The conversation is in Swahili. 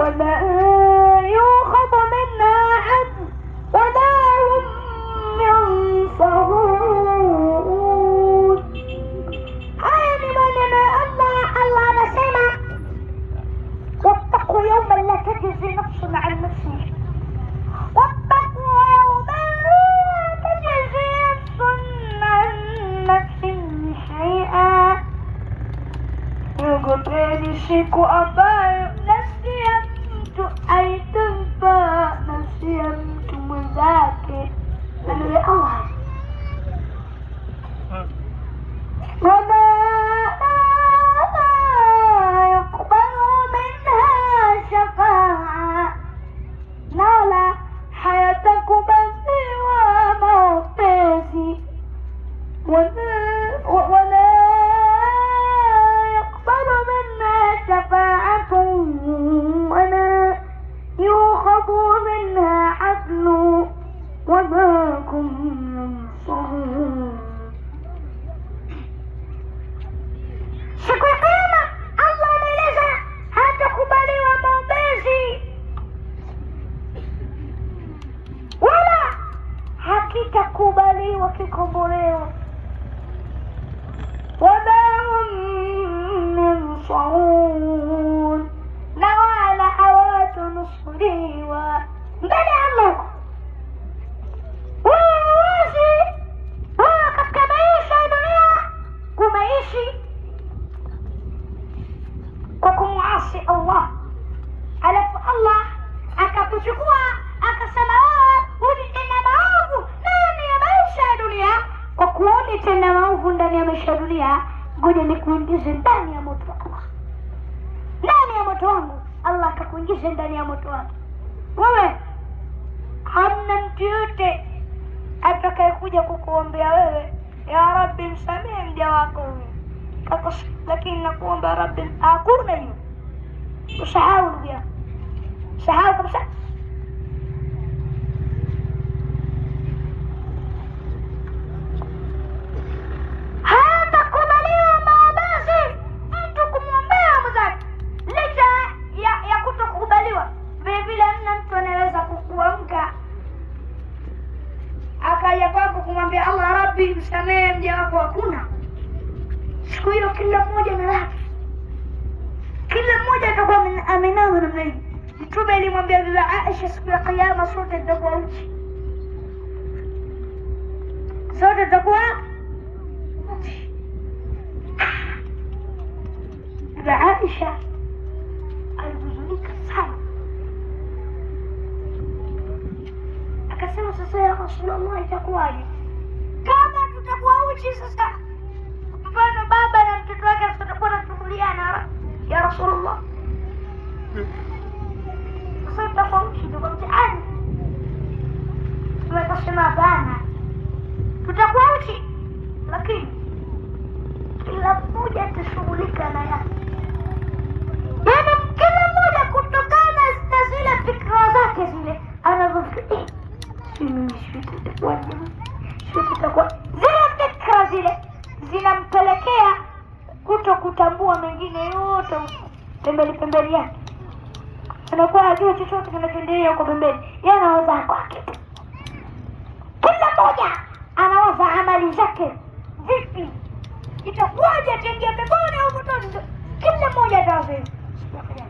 وما يوخط منها عدل وما هم ينصرون عالمنا الله الله مسنا واتقوا يوما لا تجزي نفس عن نفس واتقوا يوما لا تجزي نفس عن نفس شيئا يغفر الشرك أبا يؤمن একটি খবরেও ينصرون نوال حوات نصري و بل أمركم kukuonyesha dunia, ngoja nikuingize ndani ya moto wangu, ndani ya moto wangu. Allah akakuingize ndani ya moto wake. Wewe hamna mtu yote atakayekuja kukuombea wewe, ya Rabbi msamehe mja wako huyu, lakini nakuomba Rabbi. Hakuna hiyo, usahau ndugu yangu, sahau kabisa. kumsamehe mja wako hakuna. Siku hiyo kila mmoja na lake, kila mmoja atakuwa amenawa namna hii. Mtume alimwambia Bibi Aisha, siku ya Kiyama sote tutakuwa uchi, sote tutakuwa uchi. Bibi Aisha alihuzunika sana, akasema, sasa ya Rasulullah, itakuwaje? sisi sasa, mfano baba na mtoto wake asitakuwa nasumbuliana, ya Rasulullah sasa tofauti kwa mtihani tumetasema bana, tutakuwa uchi, lakini kila mmoja atashughulika na yake, yaani kila mmoja kutokana na zile fikra zake zile anavyofikiri, si mimi, si tutakuwa, si tutakuwa zile zinampelekea kuto kutambua mengine yote pembeni pembeni yake, anakuwa ajua chochote kinachoendelea huko pembeni. Yeye anawaza kwa kitu, kila mmoja anawaza amali zake, vipi itakuwaje, ataingia peponi au motoni? Kila mmoja atawaza